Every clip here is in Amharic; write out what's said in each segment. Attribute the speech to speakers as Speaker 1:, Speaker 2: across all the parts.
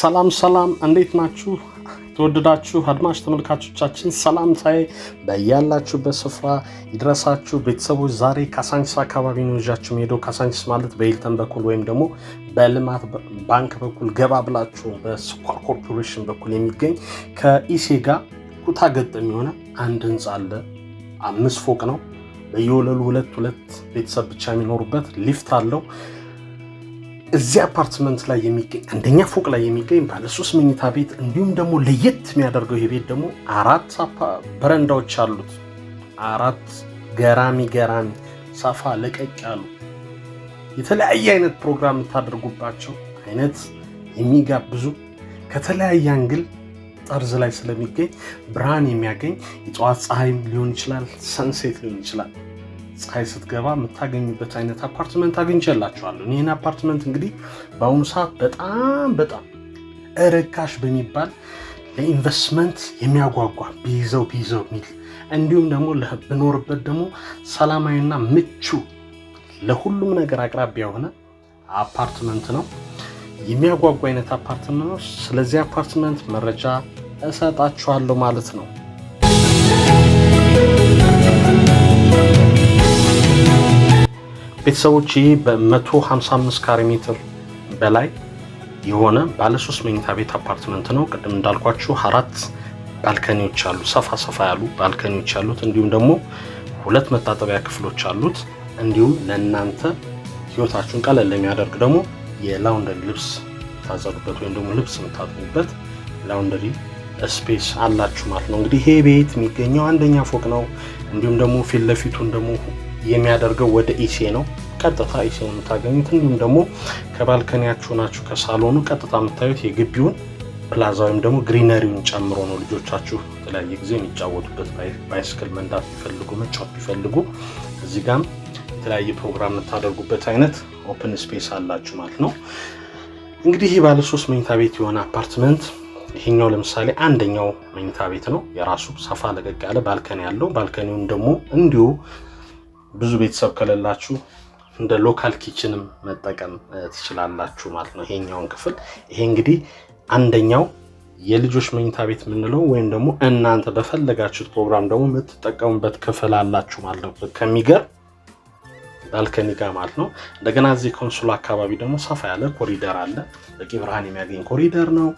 Speaker 1: ሰላም ሰላም፣ እንዴት ናችሁ? የተወደዳችሁ አድማጭ ተመልካቾቻችን ሰላምታዬ በያላችሁበት ስፍራ ይድረሳችሁ። ቤተሰቦች ዛሬ ካሳንቺስ አካባቢ ነው ይዣችሁ ሄደው ካሳንቺስ ማለት በሂልተን በኩል ወይም ደግሞ በልማት ባንክ በኩል ገባ ብላችሁ በስኳር ኮርፖሬሽን በኩል የሚገኝ ከኢሴ ጋር ኩታ ገጠም የሆነ አንድ ህንፃ አለ። አምስት ፎቅ ነው። በየወለሉ ሁለት ሁለት ቤተሰብ ብቻ የሚኖሩበት ሊፍት አለው። እዚህ አፓርትመንት ላይ የሚገኝ አንደኛ ፎቅ ላይ የሚገኝ ባለሶስት መኝታ ቤት እንዲሁም ደግሞ ለየት የሚያደርገው ይሄ ቤት ደግሞ አራት በረንዳዎች አሉት። አራት ገራሚ ገራሚ ሰፋ ለቀቅ ያሉ የተለያየ አይነት ፕሮግራም የምታደርጉባቸው አይነት የሚጋብዙ ከተለያየ አንግል ጠርዝ ላይ ስለሚገኝ ብርሃን የሚያገኝ የጠዋት ፀሐይም ሊሆን ይችላል፣ ሰንሴት ሊሆን ይችላል። ፀሐይ ስትገባ የምታገኙበት አይነት አፓርትመንት አግኝቼላችኋለሁ። ይህን አፓርትመንት እንግዲህ በአሁኑ ሰዓት በጣም በጣም እርካሽ በሚባል ለኢንቨስትመንት የሚያጓጓ ቢይዘው ቢይዘው የሚል እንዲሁም ደግሞ ብኖርበት ደግሞ ሰላማዊና ምቹ ለሁሉም ነገር አቅራቢያ የሆነ አፓርትመንት ነው። የሚያጓጓ አይነት አፓርትመንት ነው። ስለዚህ አፓርትመንት መረጃ እሰጣችኋለሁ ማለት ነው። ቤተሰቦች ይህ በ155 ካሬ ሜትር በላይ የሆነ ባለ ሶስት መኝታ ቤት አፓርትመንት ነው። ቅድም እንዳልኳችሁ አራት ባልከኒዎች አሉ፣ ሰፋ ሰፋ ያሉ ባልከኒዎች አሉት። እንዲሁም ደግሞ ሁለት መታጠቢያ ክፍሎች አሉት። እንዲሁም ለእናንተ ህይወታችሁን ቀለል ለሚያደርግ ደግሞ የላውንደሪ ልብስ የምታዘሩበት ወይም ደግሞ ልብስ የምታጥቡበት ላውንደሪ ስፔስ አላችሁ ማለት ነው። እንግዲህ ይሄ ቤት የሚገኘው አንደኛ ፎቅ ነው። እንዲሁም ደግሞ ፊት ለፊቱን ደግሞ የሚያደርገው ወደ ኢሴ ነው። ቀጥታ ኢሴ የምታገኙት እንዲሁም ደግሞ ከባልከኒያችሁ ናችሁ ከሳሎኑ ቀጥታ የምታዩት የግቢውን ፕላዛ ወይም ደግሞ ግሪነሪውን ጨምሮ ነው። ልጆቻችሁ የተለያየ ጊዜ የሚጫወቱበት ባይስክል መንዳት ቢፈልጉ መጫወት ቢፈልጉ እዚህ ጋም የተለያየ ፕሮግራም የምታደርጉበት አይነት ኦፕን ስፔስ አላችሁ ማለት ነው። እንግዲህ ይህ ባለ ሶስት መኝታ ቤት የሆነ አፓርትመንት ይሄኛው ለምሳሌ አንደኛው መኝታ ቤት ነው። የራሱ ሰፋ ለቀቅ ያለ ባልከኒ ያለው ባልከኒውን ደግሞ እንዲሁ ብዙ ቤተሰብ ከሌላችሁ እንደ ሎካል ኪችንም መጠቀም ትችላላችሁ ማለት ነው ይሄኛውን ክፍል። ይሄ እንግዲህ አንደኛው የልጆች መኝታ ቤት የምንለው ወይም ደግሞ እናንተ በፈለጋችሁት ፕሮግራም ደግሞ የምትጠቀሙበት ክፍል አላችሁ ማለት ነው ከሚገር ባልከኒ ጋር ማለት ነው። እንደገና እዚህ ኮንሶል አካባቢ ደግሞ ሰፋ ያለ ኮሪደር አለ። በቂ ብርሃን የሚያገኝ ኮሪደር ነው።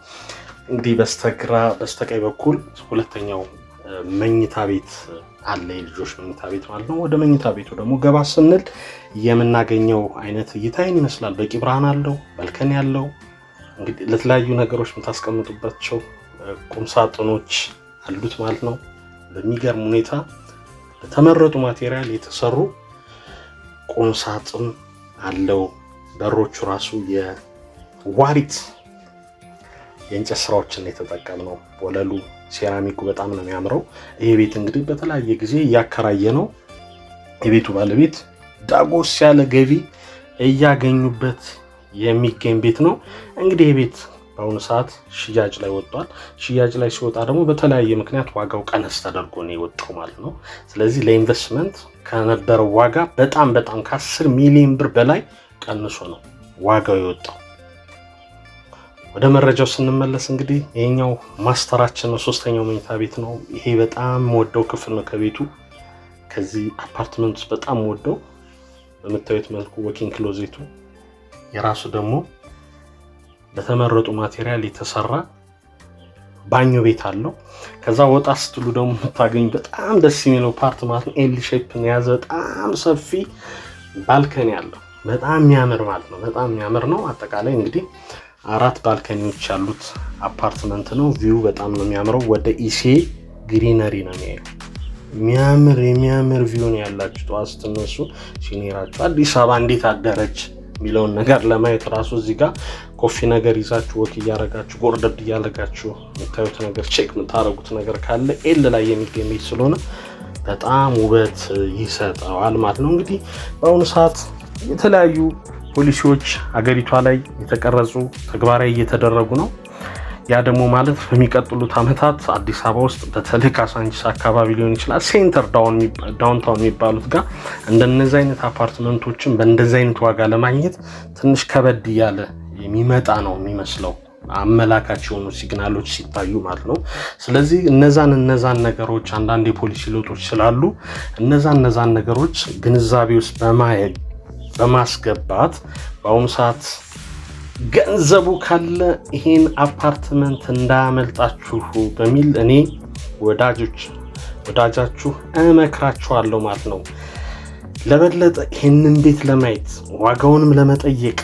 Speaker 1: እንግዲህ በስተግራ በስተቀኝ በኩል ሁለተኛው መኝታ ቤት አለ፣ የልጆች መኝታ ቤት ማለት ነው። ወደ መኝታ ቤቱ ደግሞ ገባ ስንል የምናገኘው አይነት እይታ ይመስላል። በቂ ብርሃን አለው፣ በልከን ያለው እንግዲህ ለተለያዩ ነገሮች የምታስቀምጡባቸው ቁም ሳጥኖች አሉት ማለት ነው። በሚገርም ሁኔታ በተመረጡ ማቴሪያል የተሰሩ ቁም ሳጥን አለው። በሮቹ ራሱ የዋሪት የእንጨት ስራዎችን ነው። ወለሉ ሴራሚኩ በጣም ነው የሚያምረው። ይሄ ቤት እንግዲህ በተለያየ ጊዜ እያከራየ ነው። የቤቱ ባለቤት ዳጎስ ያለ ገቢ እያገኙበት የሚገኝ ቤት ነው። እንግዲህ ይህ ቤት በአሁኑ ሰዓት ሽያጭ ላይ ወጥቷል። ሽያጭ ላይ ሲወጣ ደግሞ በተለያየ ምክንያት ዋጋው ቀነስ ተደርጎ ነው የወጣው ማለት ነው። ስለዚህ ለኢንቨስትመንት ከነበረው ዋጋ በጣም በጣም ከአስር ሚሊዮን ብር በላይ ቀንሶ ነው ዋጋው የወጣው። ወደ መረጃው ስንመለስ እንግዲህ ይሄኛው ማስተራችን ነው። ሶስተኛው መኝታ ቤት ነው። ይሄ በጣም ወደው ክፍል ነው ከቤቱ ከዚህ አፓርትመንት ውስጥ በጣም ወደው በምታዩት መልኩ ወኪንግ ክሎዜቱ የራሱ ደግሞ በተመረጡ ማቴሪያል የተሰራ ባኞ ቤት አለው። ከዛ ወጣ ስትሉ ደግሞ የምታገኝ በጣም ደስ የሚለው ፓርት ማለት ነው ኤል ሼፕን የያዘ በጣም ሰፊ ባልከኒ አለው። በጣም የሚያምር ማለት ነው። በጣም የሚያምር ነው። አጠቃላይ እንግዲህ አራት ባልከኒዎች ያሉት አፓርትመንት ነው። ቪው በጣም ነው የሚያምረው። ወደ ኢሴ ግሪነሪ ነው የሚያየው። የሚያምር የሚያምር ቪው ነው ያላችሁ። ጠዋት ስትነሱ ሲኔራችሁ አዲስ አበባ እንዴት አደረች የሚለውን ነገር ለማየት ራሱ እዚህ ጋር ኮፊ ነገር ይዛችሁ ወክ እያረጋችሁ ጎርደድ እያረጋችሁ የምታዩት ነገር ቼክ የምታደረጉት ነገር ካለ ኤል ላይ የሚገኝ ስለሆነ በጣም ውበት ይሰጠዋል ማለት ነው። እንግዲህ በአሁኑ ሰዓት የተለያዩ ፖሊሲዎች አገሪቷ ላይ የተቀረጹ ተግባራዊ እየተደረጉ ነው። ያ ደግሞ ማለት በሚቀጥሉት ዓመታት አዲስ አበባ ውስጥ በተለይ ካሳንቺስ አካባቢ ሊሆን ይችላል ሴንተር ዳውንታውን የሚባሉት ጋር እንደነዚ አይነት አፓርትመንቶችን በእንደዚ አይነት ዋጋ ለማግኘት ትንሽ ከበድ እያለ የሚመጣ ነው የሚመስለው አመላካች የሆኑ ሲግናሎች ሲታዩ ማለት ነው። ስለዚህ እነዛን እነዛን ነገሮች አንዳንድ የፖሊሲ ለውጦች ስላሉ እነዛን እነዛን ነገሮች ግንዛቤ ውስጥ በማየት በማስገባት በአሁኑ ሰዓት ገንዘቡ ካለ ይሄን አፓርትመንት እንዳያመልጣችሁ በሚል እኔ ወዳጆች ወዳጃችሁ እመክራችኋለሁ ማለት ነው። ለበለጠ ይህንን ቤት ለማየት ዋጋውንም ለመጠየቅ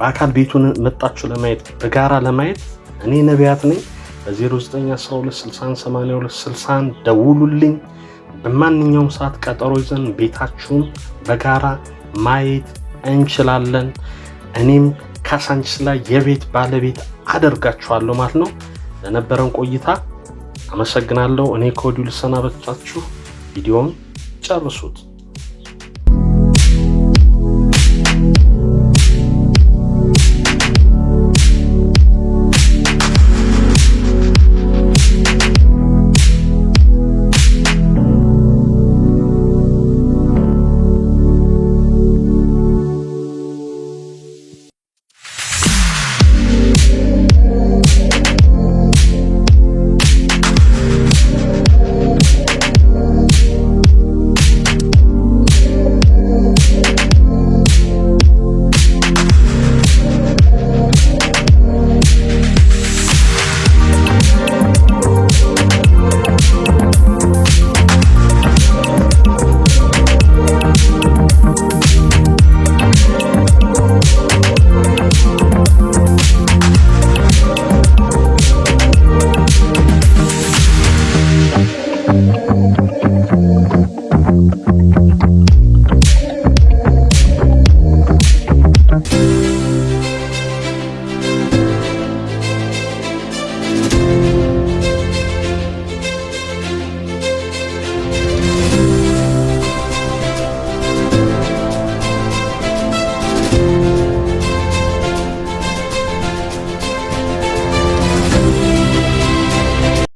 Speaker 1: በአካል ቤቱን መጣችሁ ለማየት በጋራ ለማየት እኔ ነቢያት ነኝ። በ0912618261 ደውሉልኝ። በማንኛውም ሰዓት ቀጠሮ ይዘን ቤታችሁን በጋራ ማየት እንችላለን። እኔም ካዛንቺስ ላይ የቤት ባለቤት አደርጋችኋለሁ ማለት ነው። ለነበረን ቆይታ አመሰግናለሁ። እኔ ከወዲሁ ልሰናበቻችሁ፣ ቪዲዮውን ጨርሱት።